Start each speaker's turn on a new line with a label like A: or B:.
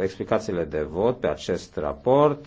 A: explicațiile de vot pe acest raport.